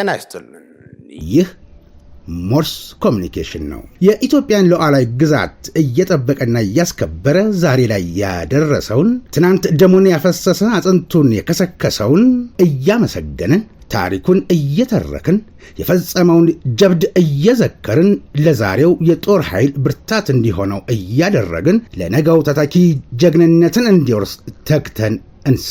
ጤና ይስጥልን። ይህ ሞርስ ኮሚኒኬሽን ነው። የኢትዮጵያን ሉዓላዊ ግዛት እየጠበቀና እያስከበረ ዛሬ ላይ ያደረሰውን ትናንት ደሙን ያፈሰሰ አጥንቱን የከሰከሰውን እያመሰገንን ታሪኩን እየተረክን የፈጸመውን ጀብድ እየዘከርን ለዛሬው የጦር ኃይል ብርታት እንዲሆነው እያደረግን ለነገው ታታኪ ጀግንነትን እንዲወርስ ተግተን እንስ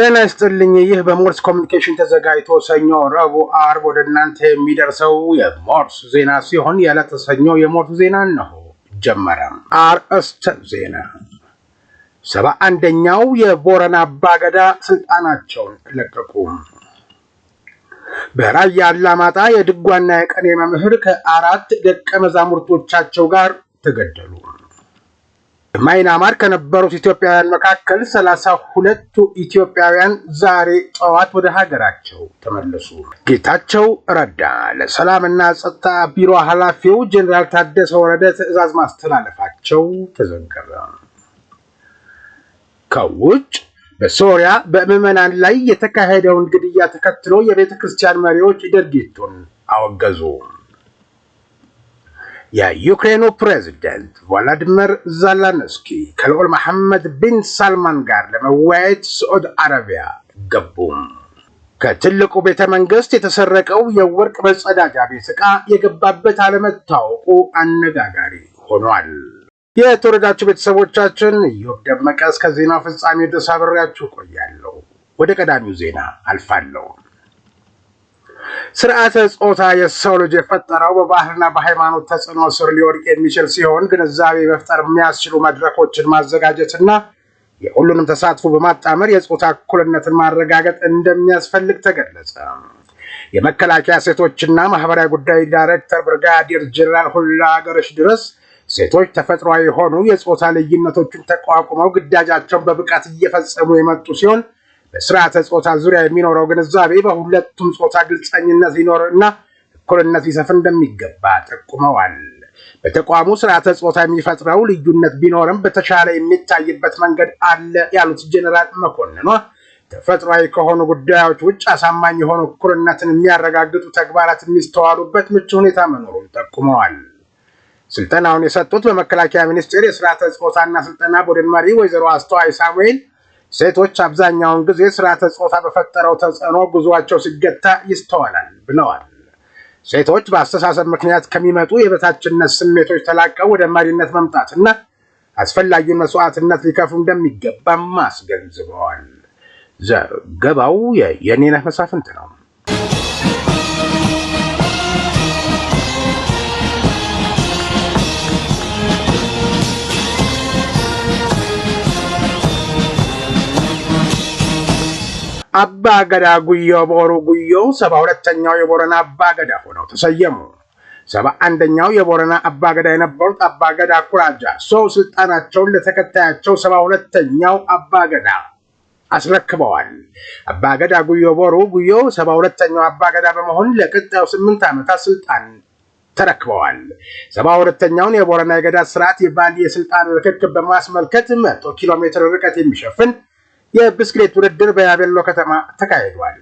ጤና ይስጥልኝ። ይህ በሞርስ ኮሚኒኬሽን ተዘጋጅቶ ሰኞ፣ ረቡዕ፣ አርብ ወደ እናንተ የሚደርሰው የሞርስ ዜና ሲሆን የዕለተ ሰኞ የሞርስ ዜና ነው። ጀመረ። አርእስተ ዜና ሰባ አንደኛው የቦረና አባገዳ ስልጣናቸውን ለቀቁ። በራያ አላማጣ የድጓና የቀኔ መምህር ከአራት ደቀ መዛሙርቶቻቸው ጋር ተገደሉ። በማይናማር ከነበሩት ኢትዮጵያውያን መካከል ሰላሳ ሁለቱ ኢትዮጵያውያን ዛሬ ጠዋት ወደ ሀገራቸው ተመለሱ። ጌታቸው ረዳ ለሰላምና ጸጥታ ቢሮ ኃላፊው ጀኔራል ታደሰ ወረደ ትዕዛዝ ማስተላለፋቸው ተዘገበ። ከውጭ በሶሪያ በምዕመናን ላይ የተካሄደውን ግድያ ተከትሎ የቤተ ክርስቲያን መሪዎች ድርጊቱን አወገዙ። የዩክሬኑ ፕሬዚደንት ቮላዲሚር ዛላንስኪ ከልዑል መሐመድ ቢን ሳልማን ጋር ለመወያየት ስዑድ አረቢያ ገቡም። ከትልቁ ቤተ መንግስት የተሰረቀው የወርቅ መጸዳጃ ቤት ዕቃ የገባበት አለመታወቁ አነጋጋሪ ሆኗል። የተወረዳችሁ ቤተሰቦቻችን ኢዮብ ደመቀ እስከ ዜናው ፍጻሜ ድረስ አብሬያችሁ ቆያለሁ። ወደ ቀዳሚው ዜና አልፋለሁ። ስርዓተ ጾታ የሰው ልጅ የፈጠረው በባህልና በሃይማኖት ተጽዕኖ ስር ሊወድቅ የሚችል ሲሆን ግንዛቤ መፍጠር የሚያስችሉ መድረኮችን ማዘጋጀትና የሁሉንም ተሳትፎ በማጣመር የጾታ እኩልነትን ማረጋገጥ እንደሚያስፈልግ ተገለጸ። የመከላከያ ሴቶችና ማህበራዊ ጉዳይ ዳይሬክተር ብርጋዴር ጀነራል ሁላ ሀገሮች ድረስ ሴቶች ተፈጥሯዊ የሆኑ የጾታ ልዩነቶችን ተቋቁመው ግዳጃቸውን በብቃት እየፈጸሙ የመጡ ሲሆን በስርዓተ ጾታ ዙሪያ የሚኖረው ግንዛቤ በሁለቱም ጾታ ግልጸኝነት ሊኖር እና እኩልነት ሊሰፍን እንደሚገባ ጠቁመዋል። በተቋሙ ስርዓተ ጾታ የሚፈጥረው ልዩነት ቢኖርም በተሻለ የሚታይበት መንገድ አለ ያሉት ጀኔራል መኮንኗ ተፈጥሯዊ ከሆኑ ጉዳዮች ውጭ አሳማኝ የሆኑ እኩልነትን የሚያረጋግጡ ተግባራት የሚስተዋሉበት ምቹ ሁኔታ መኖሩን ጠቁመዋል። ስልጠናውን የሰጡት በመከላከያ ሚኒስቴር የስርዓተ ና ስልጠና ቡድን መሪ ወይዘሮ አስተዋይ ሳሙኤል ሴቶች አብዛኛውን ጊዜ ስርዓተ ጾታ በፈጠረው ተጽዕኖ ጉዞቸው ሲገታ ይስተዋላል ብለዋል። ሴቶች በአስተሳሰብ ምክንያት ከሚመጡ የበታችነት ስሜቶች ተላቀው ወደ መሪነት መምጣትና አስፈላጊውን መስዋዕትነት ሊከፍሉ እንደሚገባም አስገንዝበዋል። ዘገባው የኔነህ መሳፍንት ነው። አባ ገዳ ጉዮ ቦሩ ጉዮ ሰባ ሁለተኛው የቦረና አባ ገዳ ሆነው ተሰየሙ። ሰባ አንደኛው የቦረና አባ ገዳ የነበሩት አባ ገዳ ኩራጃ ሰው ስልጣናቸውን ለተከታያቸው ሰባ ሁለተኛው አባ ገዳ አስረክበዋል። አባ ገዳ ጉዮ ቦሩ ጉዮ ሰባ ሁለተኛው አባ ገዳ በመሆን ለቀጣዩ ስምንት ዓመታት ስልጣን ተረክበዋል። ሰባ ሁለተኛውን የቦረና የገዳ ስርዓት የባንድ የስልጣን ርክክብ በማስመልከት መቶ ኪሎ ሜትር ርቀት የሚሸፍን የብስክሌት ውድድር በያቤሎ ከተማ ተካሂዷል።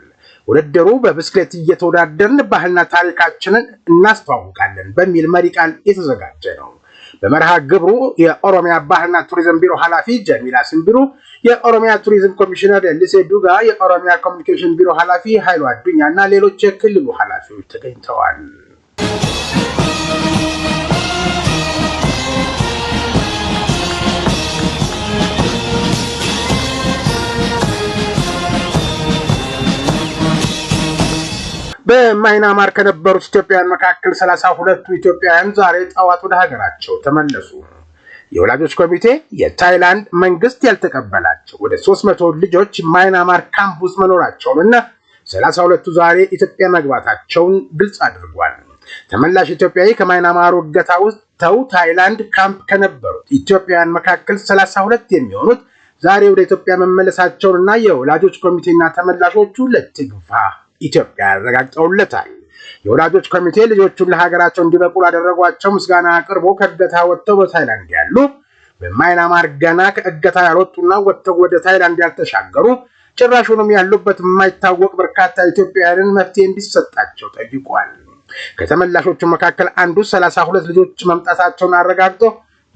ውድድሩ በብስክሌት እየተወዳደርን ባህልና ታሪካችንን እናስተዋውቃለን በሚል መሪ ቃል የተዘጋጀ ነው። በመርሃ ግብሩ የኦሮሚያ ባህልና ቱሪዝም ቢሮ ኃላፊ ጀሚላ ስንቢሩ፣ የኦሮሚያ ቱሪዝም ኮሚሽነር ሊሴ ዱጋ፣ የኦሮሚያ ኮሚኒኬሽን ቢሮ ኃላፊ ኃይሉ አዱኛ እና ሌሎች የክልሉ ኃላፊዎች ተገኝተዋል። በማይናማር ከነበሩት ኢትዮጵያውያን መካከል ሰላሳ ሁለቱ ኢትዮጵያውያን ዛሬ ጠዋት ወደ ሀገራቸው ተመለሱ። የወላጆች ኮሚቴ የታይላንድ መንግስት ያልተቀበላቸው ወደ 300 መቶ ልጆች ማይናማር ካምፕ ውስጥ መኖራቸውን እና ሰላሳ ሁለቱ ዛሬ ኢትዮጵያ መግባታቸውን ግልጽ አድርጓል። ተመላሽ ኢትዮጵያዊ ከማይናማሩ እገታ ውስጥ ተው ታይላንድ ካምፕ ከነበሩት ኢትዮጵያውያን መካከል ሰላሳ ሁለት የሚሆኑት ዛሬ ወደ ኢትዮጵያ መመለሳቸውንና የወላጆች ኮሚቴና ተመላሾቹ ለትግፋ ኢትዮጵያ ያረጋግጠውለታል። የወላጆች ኮሚቴ ልጆቹን ለሀገራቸው እንዲበቁ ላደረጓቸው ምስጋና አቅርቦ ከእገታ ወጥተው በታይላንድ ያሉ በማይናማር ገና ከእገታ ያልወጡና ወጥተው ወደ ታይላንድ ያልተሻገሩ ጭራሹንም ያሉበት የማይታወቅ በርካታ ኢትዮጵያውያንን መፍትሄ እንዲሰጣቸው ጠይቋል። ከተመላሾቹ መካከል አንዱ ሰላሳ ሁለት ልጆች መምጣታቸውን አረጋግጦ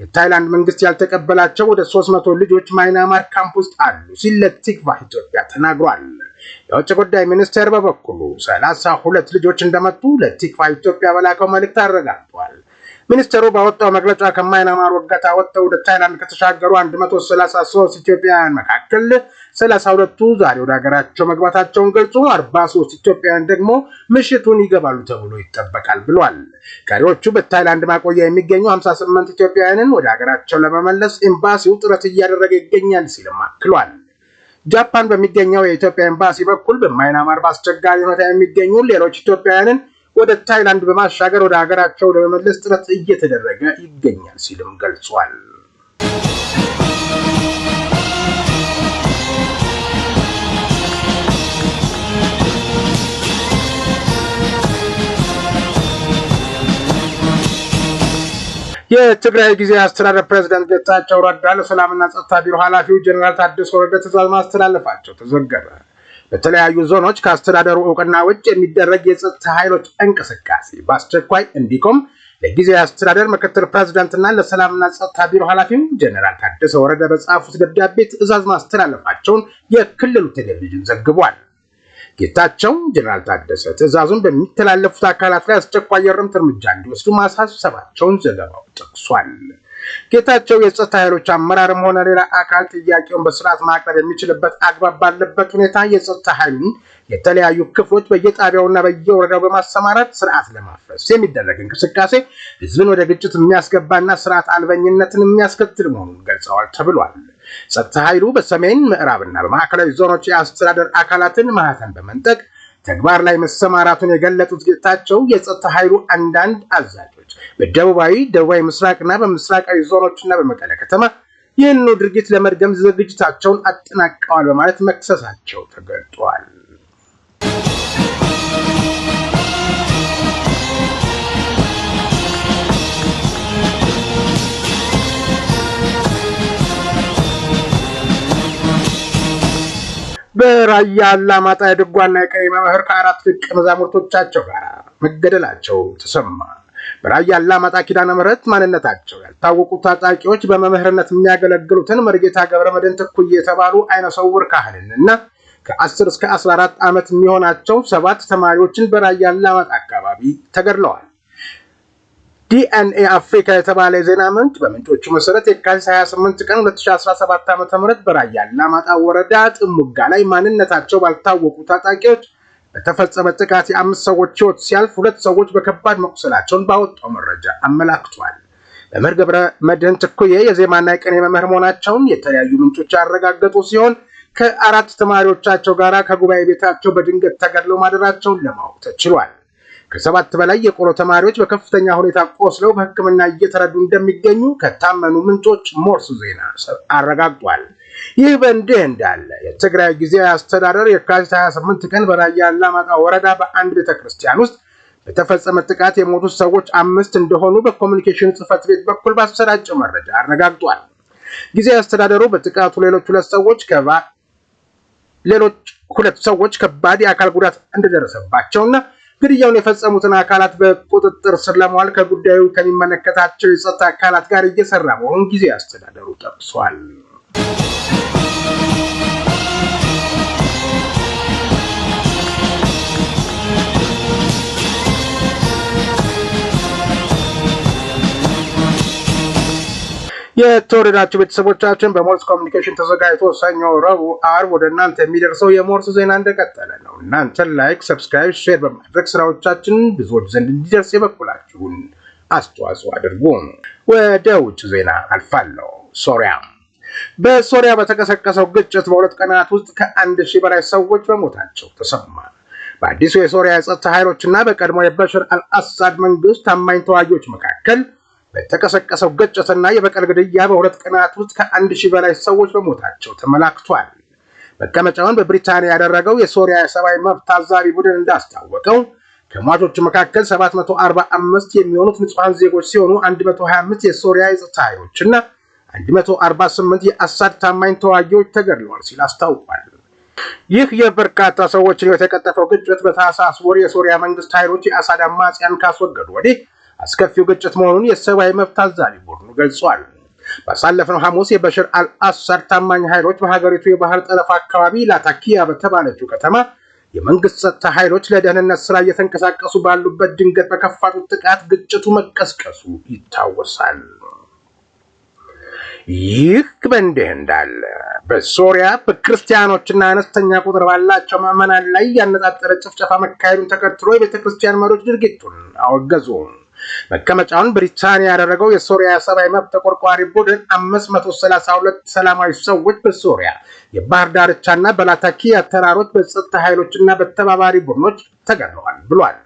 የታይላንድ መንግስት ያልተቀበላቸው ወደ ሶስት መቶ ልጆች ማይናማር ካምፕ ውስጥ አሉ ሲል ለቲክቫህ ኢትዮጵያ ተናግሯል። የውጭ ጉዳይ ሚኒስቴር በበኩሉ ሰላሳ ሁለት ልጆች እንደመጡ ለቲክፋ ኢትዮጵያ በላከው መልእክት አረጋግጧል። ሚኒስቴሩ ባወጣው መግለጫ ከማይናማር ወገታ ወጥተው ወደ ታይላንድ ከተሻገሩ 133 ኢትዮጵያውያን መካከል 32ቱ ዛሬ ወደ ሀገራቸው መግባታቸውን ገልጾ 43 ኢትዮጵያውያን ደግሞ ምሽቱን ይገባሉ ተብሎ ይጠበቃል ብሏል። ቀሪዎቹ በታይላንድ ማቆያ የሚገኙ 58 ኢትዮጵያውያንን ወደ ሀገራቸው ለመመለስ ኤምባሲው ጥረት እያደረገ ይገኛል ሲልም አክሏል። ጃፓን በሚገኘው የኢትዮጵያ ኤምባሲ በኩል በማይናማር በአስቸጋሪ ሁኔታ የሚገኙ ሌሎች ኢትዮጵያውያንን ወደ ታይላንድ በማሻገር ወደ ሀገራቸው ለመመለስ ጥረት እየተደረገ ይገኛል ሲልም ገልጿል። የትግራይ ጊዜያዊ አስተዳደር ፕሬዚዳንት ጌታቸው ረዳ ለሰላምና ጸጥታ ቢሮ ኃላፊው ጀኔራል ታደሰ ወረደ ትእዛዝ ማስተላለፋቸው ተዘገበ። በተለያዩ ዞኖች ከአስተዳደሩ እውቅና ውጭ የሚደረግ የጸጥታ ኃይሎች እንቅስቃሴ በአስቸኳይ እንዲቆም ለጊዜያዊ አስተዳደር ምክትል ፕሬዝዳንትና ለሰላምና ጸጥታ ቢሮ ኃላፊው ጀኔራል ታደሰ ወረደ በጻፉት ደብዳቤ ትእዛዝ ማስተላለፋቸውን የክልሉ ቴሌቪዥን ዘግቧል። ጌታቸው ጀነራል ታደሰ ትዕዛዙን በሚተላለፉት አካላት ላይ አስቸኳይ የእርምት እርምጃ እንዲወስዱ ማሳሰባቸውን ዘገባው ጠቅሷል። ጌታቸው የጸጥታ ኃይሎች አመራርም ሆነ ሌላ አካል ጥያቄውን በስርዓት ማቅረብ የሚችልበት አግባብ ባለበት ሁኔታ የጸጥታ ኃይሉን የተለያዩ ክፍሎች በየጣቢያውና በየወረዳው በማሰማራት ስርዓት ለማፍረስ የሚደረግ እንቅስቃሴ ህዝብን ወደ ግጭት የሚያስገባና ስርዓት አልበኝነትን የሚያስከትል መሆኑን ገልጸዋል ተብሏል። ጸጥታ ኃይሉ በሰሜን ምዕራብና በማዕከላዊ ዞኖች የአስተዳደር አካላትን ማህተም በመንጠቅ ተግባር ላይ መሰማራቱን የገለጡት ጌታቸው የጸጥታ ኃይሉ አንዳንድ አዛዦች በደቡባዊ፣ ደቡባዊ ምስራቅና በምስራቃዊ ዞኖችና በመቀለ ከተማ ይህንኑ ድርጊት ለመድገም ዝግጅታቸውን አጠናቀዋል በማለት መክሰሳቸው ተገልጧል። በራያ አላማጣ የድጓና የቀይ መምህር ከአራት ደቀ መዛሙርቶቻቸው ጋር መገደላቸው ተሰማ። በራያ አላማጣ ኪዳነ ምሕረት ማንነታቸው ያልታወቁ ታጣቂዎች በመምህርነት የሚያገለግሉትን መርጌታ ገብረ መድኅን ትኩዬ የተባሉ አይነሰውር ካህንን እና ከ10 እስከ 14 ዓመት የሚሆናቸው ሰባት ተማሪዎችን በራያ አላማጣ አካባቢ ተገድለዋል። ዲኤንኤ አፍሪካ የተባለ የዜና ምንጭ በምንጮቹ መሰረት የካቲት 28 ቀን 2017 ዓ.ም በራያ አላማጣ ወረዳ ጥሙጋ ላይ ማንነታቸው ባልታወቁ ታጣቂዎች በተፈጸመ ጥቃት የአምስት ሰዎች ህይወት ሲያልፍ ሁለት ሰዎች በከባድ መቁሰላቸውን ባወጣው መረጃ አመላክቷል። መምህር ገብረ መድህን ትኩዬ የዜማና የቅኔ መምህር መሆናቸውን የተለያዩ ምንጮች ያረጋገጡ ሲሆን ከአራት ተማሪዎቻቸው ጋር ከጉባኤ ቤታቸው በድንገት ተገድለው ማደራቸውን ለማወቅ ተችሏል። ከሰባት በላይ የቆሎ ተማሪዎች በከፍተኛ ሁኔታ ቆስለው በሕክምና እየተረዱ እንደሚገኙ ከታመኑ ምንጮች ሞርስ ዜና አረጋግጧል። ይህ በእንዲህ እንዳለ የትግራይ ጊዜያዊ አስተዳደር የካቲት 28 ቀን በራያ አላማጣ ወረዳ በአንድ ቤተክርስቲያን ውስጥ በተፈጸመ ጥቃት የሞቱት ሰዎች አምስት እንደሆኑ በኮሚኒኬሽን ጽህፈት ቤት በኩል ባሰራጨው መረጃ አረጋግጧል። ጊዜያዊ አስተዳደሩ በጥቃቱ ሌሎች ሁለት ሰዎች ሌሎች ሁለት ሰዎች ከባድ የአካል ጉዳት እንደደረሰባቸውና ግድያውን የፈጸሙትን አካላት በቁጥጥር ስር ለመዋል ከጉዳዩ ከሚመለከታቸው የጸጥታ አካላት ጋር እየሰራ መሆኑን ጊዜ አስተዳደሩ ጠቅሷል። የተወደዳችሁ ቤተሰቦቻችን በሞርስ ኮሚኒኬሽን ተዘጋጅቶ ሰኞ፣ ረቡዕ፣ አርብ ወደ እናንተ የሚደርሰው የሞርስ ዜና እንደቀጠለ ነው። እናንተ ላይክ፣ ሰብስክራይብ፣ ሼር በማድረግ ስራዎቻችን ብዙዎች ዘንድ እንዲደርስ የበኩላችሁን አስተዋጽኦ አድርጉ። ወደ ውጭ ዜና አልፋለሁ። ሶሪያ በሶሪያ በተቀሰቀሰው ግጭት በሁለት ቀናት ውስጥ ከአንድ ሺህ በላይ ሰዎች በሞታቸው ተሰማ። በአዲሱ የሶሪያ የጸጥታ ኃይሎችና በቀድሞ የበሽር አልአሳድ መንግስት ታማኝ ተዋጊዎች መካከል በተቀሰቀሰው ግጭትና የበቀል ግድያ በሁለት ቀናት ውስጥ ከአንድ ሺህ በላይ ሰዎች በሞታቸው ተመላክቷል። መቀመጫውን በብሪታንያ ያደረገው የሶሪያ የሰብአዊ መብት ታዛቢ ቡድን እንዳስታወቀው ከሟቾቹ መካከል 745 የሚሆኑት ንጹሐን ዜጎች ሲሆኑ 125 የሶሪያ የጸጥታ ኃይሎች እና 148 የአሳድ ታማኝ ተዋጊዎች ተገድለዋል ሲል አስታውቋል። ይህ የበርካታ ሰዎች ሕይወት የቀጠፈው ግጭት በታህሳስ ወር የሶሪያ መንግስት ኃይሎች የአሳድ አማጽያን ካስወገዱ ወዲህ አስከፊው ግጭት መሆኑን የሰብአዊ መብት ታዛቢ ቡድኑ ገልጿል። ባሳለፍነው ሐሙስ የበሽር አልአሳድ ታማኝ ኃይሎች በሀገሪቱ የባህር ጠለፍ አካባቢ ላታኪያ በተባለችው ከተማ የመንግስት ጸጥታ ኃይሎች ለደህንነት ስራ እየተንቀሳቀሱ ባሉበት ድንገት በከፋቱት ጥቃት ግጭቱ መቀስቀሱ ይታወሳል። ይህ በእንዲህ እንዳለ በሶሪያ በክርስቲያኖችና አነስተኛ ቁጥር ባላቸው ምዕመናን ላይ ያነጣጠረ ጭፍጨፋ መካሄዱን ተከትሎ የቤተክርስቲያን መሪዎች ድርጊቱን አወገዙም። መቀመጫውን ብሪታንያ ያደረገው የሶሪያ ሰብአዊ መብት ተቆርቋሪ ቡድን 532 ሰላማዊ ሰዎች በሶሪያ የባህር ዳርቻና በላታኪያ ተራሮች በጸጥታ ኃይሎችና በተባባሪ ቡድኖች ተገድለዋል ብሏል።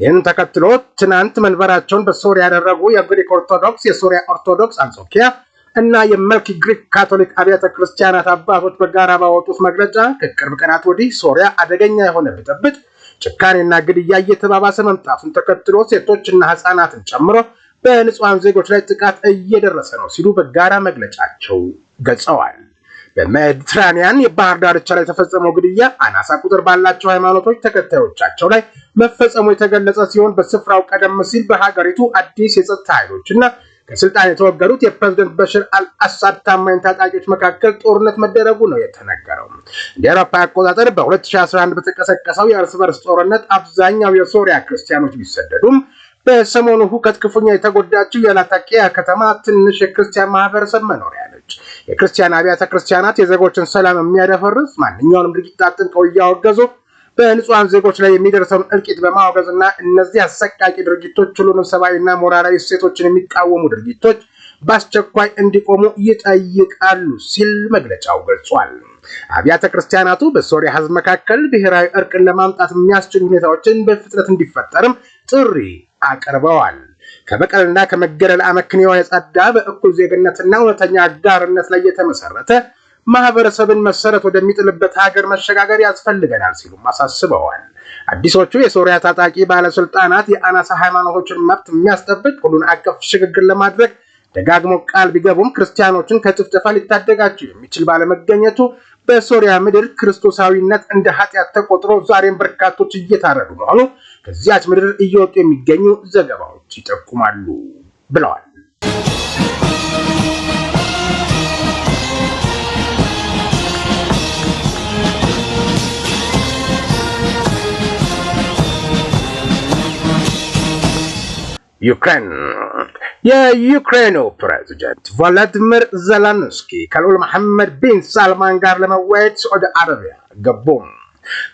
ይህን ተከትሎ ትናንት መንበራቸውን በሶሪያ ያደረጉ የግሪክ ኦርቶዶክስ፣ የሶሪያ ኦርቶዶክስ አንጾኪያ እና የመልክ ግሪክ ካቶሊክ አብያተ ክርስቲያናት አባቶች በጋራ ባወጡት መግለጫ ከቅርብ ቀናት ወዲህ ሶሪያ አደገኛ የሆነ ብጥብጥ ጭካኔና ግድያ እየተባባሰ መምጣቱን ተከትሎ ሴቶችና ህፃናትን ጨምሮ በንጹሐን ዜጎች ላይ ጥቃት እየደረሰ ነው ሲሉ በጋራ መግለጫቸው ገልጸዋል። በሜዲትራኒያን የባህር ዳርቻ ላይ የተፈጸመው ግድያ አናሳ ቁጥር ባላቸው ሃይማኖቶች ተከታዮቻቸው ላይ መፈጸሙ የተገለጸ ሲሆን በስፍራው ቀደም ሲል በሀገሪቱ አዲስ የጸጥታ ኃይሎች እና ከስልጣን የተወገዱት የፕሬዝደንት በሽር አልአሳድ ታማኝ ታጣቂዎች መካከል ጦርነት መደረጉ ነው የተነገረው። እንደ አውሮፓ አቆጣጠር በ2011 በተቀሰቀሰው የእርስ በርስ ጦርነት አብዛኛው የሶሪያ ክርስቲያኖች ቢሰደዱም በሰሞኑ ሁከት ክፉኛ የተጎዳችው የላታቂያ ከተማ ትንሽ የክርስቲያን ማህበረሰብ መኖሪያ ነች። የክርስቲያን አብያተ ክርስቲያናት የዜጎችን ሰላም የሚያደፈርስ ማንኛውንም ድርጊት አጥብቀው እያወገዙ በንጹሐን ዜጎች ላይ የሚደርሰውን እልቂት ና እነዚህ አሰቃቂ ድርጊቶች ሁሉንም ሰብአዊና ሞራላዊ እሴቶችን የሚቃወሙ ድርጊቶች በአስቸኳይ እንዲቆሙ ይጠይቃሉ ሲል መግለጫው ገልጿል። አብያተ ክርስቲያናቱ በሶሪያ ሕዝብ መካከል ብሔራዊ እርቅን ለማምጣት የሚያስችሉ ሁኔታዎችን በፍጥነት እንዲፈጠርም ጥሪ አቅርበዋል። ከበቀልና ከመገለል አመክንዮ የጸዳ በእኩል ዜግነትና እውነተኛ አጋርነት ላይ የተመሰረተ ማህበረሰብን መሰረት ወደሚጥልበት ሀገር መሸጋገር ያስፈልገናል ሲሉም አሳስበዋል። አዲሶቹ የሶሪያ ታጣቂ ባለስልጣናት የአናሳ ሃይማኖቶችን መብት የሚያስጠብቅ ሁሉን አቀፍ ሽግግር ለማድረግ ደጋግሞ ቃል ቢገቡም ክርስቲያኖችን ከጭፍጨፋ ሊታደጋቸው የሚችል ባለመገኘቱ በሶሪያ ምድር ክርስቶሳዊነት እንደ ኃጢአት ተቆጥሮ ዛሬም በርካቶች እየታረዱ መሆኑ ከዚያች ምድር እየወጡ የሚገኙ ዘገባዎች ይጠቁማሉ ብለዋል። ዩክሬን የዩክሬኑ ፕሬዚደንት ቮሎዲሚር ዘለንስኪ ከልዑል መሐመድ ቢን ሳልማን ጋር ለመወያየት ሳዑዲ አረቢያ ገቡ።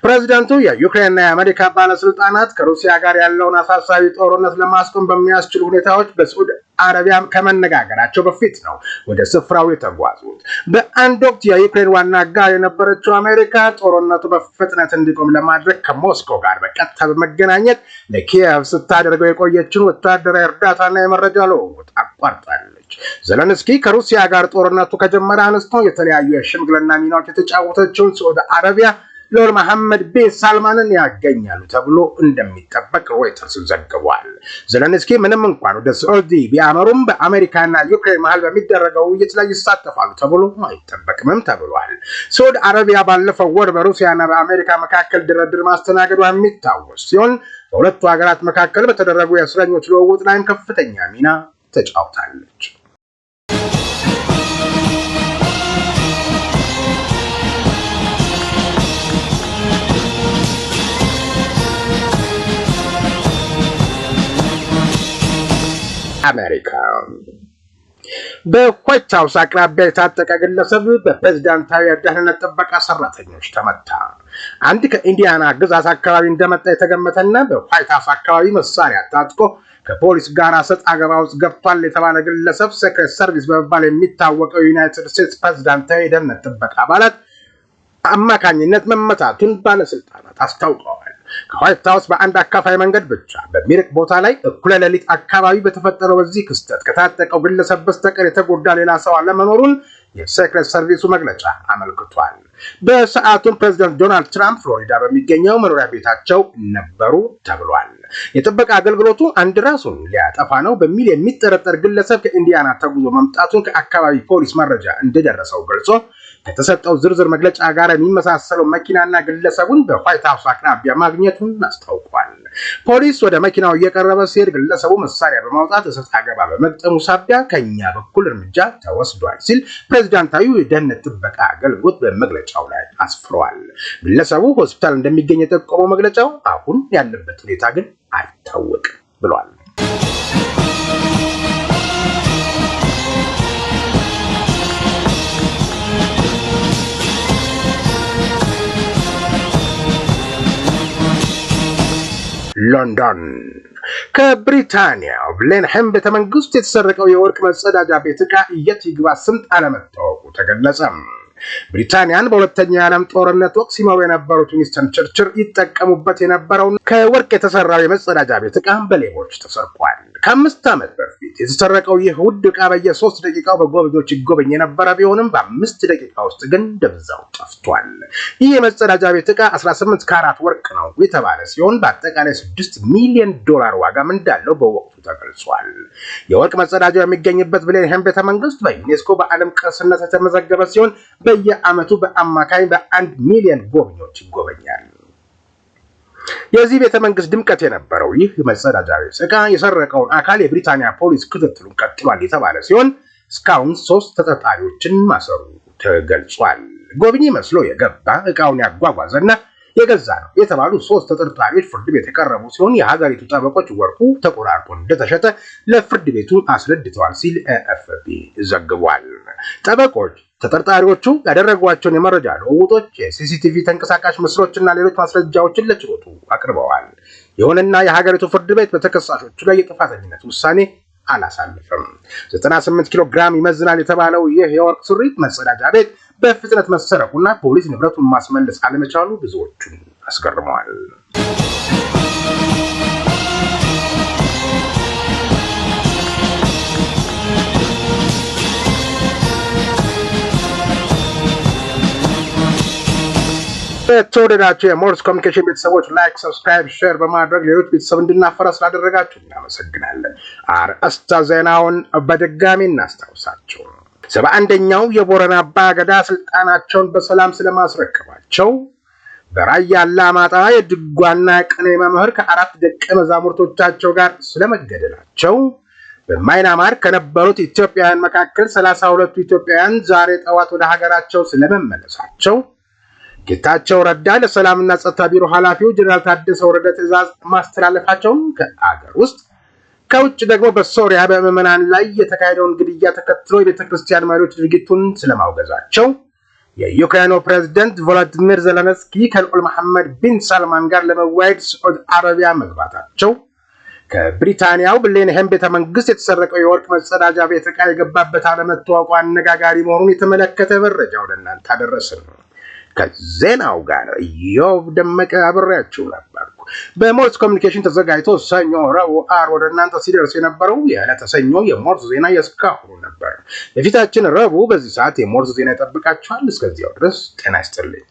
ፕሬዚዳንቱ የዩክሬንና የአሜሪካ ባለስልጣናት ከሩሲያ ጋር ያለውን አሳሳቢ ጦርነት ለማስቆም በሚያስችሉ ሁኔታዎች በሳዑዲ አረቢያ ከመነጋገራቸው በፊት ነው ወደ ስፍራው የተጓዙት። በአንድ ወቅት የዩክሬን ዋና አጋር የነበረችው አሜሪካ ጦርነቱ በፍጥነት እንዲቆም ለማድረግ ከሞስኮ ጋር በቀጥታ በመገናኘት ለኪየቭ ስታደርገው የቆየችን ወታደራዊ እርዳታና የመረጃ ልውውጥ አቋርጣለች። ዘለንስኪ ከሩሲያ ጋር ጦርነቱ ከጀመረ አንስቶ የተለያዩ የሽምግልና ሚናዎች የተጫወተችውን ሳዑዲ አረቢያ ሎር መሐመድ ቤት ሳልማንን ያገኛሉ ተብሎ እንደሚጠበቅ ሮይተርስ ዘግቧል። ዘለንስኪ ምንም እንኳን ወደ ሳዑዲ ቢያመሩም በአሜሪካና ዩክሬን መሃል በሚደረገው ውይይት ላይ ይሳተፋሉ ተብሎ አይጠበቅምም ተብሏል። ሳዑዲ አረቢያ ባለፈው ወር በሩሲያና በአሜሪካ መካከል ድርድር ማስተናገዷ የሚታወስ ሲሆን በሁለቱ ሀገራት መካከል በተደረጉ የእስረኞች ልውውጥ ላይም ከፍተኛ ሚና ተጫውታለች። አሜሪካ በዋይት ሀውስ አቅራቢያ የታጠቀ ግለሰብ በፕሬዝዳንታዊ የደህንነት ጥበቃ ሰራተኞች ተመታ። አንድ ከኢንዲያና ግዛት አካባቢ እንደመጣ የተገመተና በዋይት ሀውስ አካባቢ መሳሪያ ታጥቆ ከፖሊስ ጋር ሰጥ አገባ ውስጥ ገብቷል የተባለ ግለሰብ ሴክሬት ሰርቪስ በመባል የሚታወቀው የዩናይትድ ስቴትስ ፕሬዝዳንታዊ የደህንነት ጥበቃ አባላት አማካኝነት መመታቱን ባለስልጣናት አስታውቀዋል። ከዋይት ሀውስ በአንድ አካፋይ መንገድ ብቻ በሚርቅ ቦታ ላይ እኩለ ሌሊት አካባቢ በተፈጠረው በዚህ ክስተት ከታጠቀው ግለሰብ በስተቀር የተጎዳ ሌላ ሰው አለመኖሩን የሴክሬት ሰርቪሱ መግለጫ አመልክቷል። በሰዓቱም ፕሬዚደንት ዶናልድ ትራምፕ ፍሎሪዳ በሚገኘው መኖሪያ ቤታቸው ነበሩ ተብሏል። የጥበቃ አገልግሎቱ አንድ ራሱን ሊያጠፋ ነው በሚል የሚጠረጠር ግለሰብ ከኢንዲያና ተጉዞ መምጣቱን ከአካባቢ ፖሊስ መረጃ እንደደረሰው ገልጾ ከተሰጠው ዝርዝር መግለጫ ጋር የሚመሳሰለው መኪናና ግለሰቡን በኋይት ሀውስ አቅራቢያ ማግኘቱን አስታውቋል። ፖሊስ ወደ መኪናው እየቀረበ ሲሄድ ግለሰቡ መሳሪያ በማውጣት እሰጥ አገባ በመግጠሙ ሳቢያ ከኛ በኩል እርምጃ ተወስዷል ሲል ፕሬዚዳንታዊ የደህንነት ጥበቃ አገልግሎት በመግለጫው ላይ አስፍሯል። ግለሰቡ ሆስፒታል እንደሚገኝ የጠቆመው መግለጫው አሁን ያለበት ሁኔታ ግን አይታወቅም ብሏል። ሎንዶን ከብሪታንያ ብሌንሄም ቤተመንግስት የተሰረቀው የወርቅ መጸዳጃ ቤት ዕቃ የት ይግባ ስንት አለመታወቁ ተገለጸ። ብሪታንያን በሁለተኛ የዓለም ጦርነት ወቅት ሲመሩ የነበሩት ዊንስተን ቸርችል ይጠቀሙበት የነበረው ከወርቅ የተሰራው የመጸዳጃ ቤት እቃ በሌቦች ተሰርቋል። ከአምስት ዓመት በፊት የተሰረቀው ይህ ውድ እቃ በየሶስት ደቂቃው በጎብኞች ይጎበኝ የነበረ ቢሆንም በአምስት ደቂቃ ውስጥ ግን ደብዛው ጠፍቷል። ይህ የመጸዳጃ ቤት እቃ 18 ካራት ወርቅ ነው የተባለ ሲሆን በአጠቃላይ 6 ሚሊዮን ዶላር ዋጋም እንዳለው በወቅቱ ተገልጿል። የወርቅ መጸዳጃው የሚገኝበት ብሌንሄም ቤተመንግስት በዩኔስኮ በዓለም ቅርስነት የተመዘገበ ሲሆን በየዓመቱ በአማካኝ በአንድ ሚሊዮን ጎብኚዎች ይጎበኛል። የዚህ ቤተ መንግስት ድምቀት የነበረው ይህ መጸዳጃ ቤት ዕቃ የሰረቀውን አካል የብሪታንያ ፖሊስ ክትትሉን ቀጥሏል የተባለ ሲሆን እስካሁን ሶስት ተጠርጣሪዎችን ማሰሩ ተገልጿል። ጎብኚ መስሎ የገባ ያጓጓዘ ያጓጓዘና የገዛ ነው የተባሉ ሶስት ተጠርጣሪዎች ፍርድ ቤት የቀረቡ ሲሆን የሀገሪቱ ጠበቆች ወርቁ ተቆራርጦ እንደተሸጠ ለፍርድ ቤቱ አስረድተዋል ሲል ኤኤፍፒ ዘግቧል። ጠበቆች ተጠርጣሪዎቹ ያደረጓቸውን የመረጃ ልውውጦች፣ የሲሲቲቪ ተንቀሳቃሽ ምስሎችና ሌሎች ማስረጃዎችን ለችሎቱ አቅርበዋል። ይሁንና የሀገሪቱ ፍርድ ቤት በተከሳሾቹ ላይ የጥፋተኝነት ውሳኔ አላሳልፍም። 98 ኪሎ ግራም ይመዝናል የተባለው ይህ የወርቅ ስሪት መጸዳጃ ቤት በፍጥነት መሰረቁና ፖሊስ ንብረቱን ማስመለስ አለመቻሉ ብዙዎቹን አስገርመዋል። የተወደዳችሁ የሞርስ ኮሚኒኬሽን ቤተሰቦች ላይክ፣ ሰብስክራይብ፣ ሼር በማድረግ ሌሎች ቤተሰብ እንድናፈራ ስላደረጋችሁ እናመሰግናለን። አርእስተ ዜናውን በድጋሚ እናስታውሳችሁ። ሰባ አንደኛው የቦረና አባ ስልጣናቸውን በሰላም ስለማስረከባቸው፣ በራያ አላማጣ የድጓና ቅኔ መምህር ከአራት ደቀ መዛሙርቶቻቸው ጋር ስለመገደላቸው በማይናማር ከነበሩት ኢትዮጵያውያን መካከል ሰላሳ ሁለቱ ኢትዮጵያውያን ዛሬ ጠዋት ወደ ሀገራቸው ስለመመለሳቸው ጌታቸው ረዳ ለሰላምና ጸጥታ ቢሮ ኃላፊው ጀኔራል ታደሰ ወረደ ትእዛዝ ማስተላለፋቸውን ከአገር ውስጥ ከውጭ ደግሞ በሶሪያ በምዕመናን ላይ የተካሄደውን ግድያ ተከትሎ የቤተክርስቲያን መሪዎች ድርጊቱን ስለማውገዛቸው የዩክራይኑ ፕሬዚደንት ቮሎዲሚር ዘለንስኪ ከልዑል መሐመድ ቢን ሳልማን ጋር ለመወያየት ስዑድ አረቢያ መግባታቸው፣ ከብሪታንያው ብሌንሄም ቤተ መንግስት የተሰረቀው የወርቅ መጸዳጃ ቤት ዕቃ የገባበት አለመታወቁ አነጋጋሪ መሆኑን የተመለከተ መረጃ ወደ እናንተ አደረስን። ከዜናው ጋር ኢዮብ ደመቀ አብሬያችሁ ነበርኩ። በሞርስ ኮሚኒኬሽን ተዘጋጅቶ ሰኞ፣ ረቡዕ፣ ዓርብ ወደ እናንተ ሲደርስ የነበረው የዕለተ ሰኞ የሞርስ ዜና የእስካሁኑ ነበር። የፊታችን ረቡዕ በዚህ ሰዓት የሞርስ ዜና ይጠብቃችኋል። እስከዚያው ድረስ ጤና ይስጥልኝ።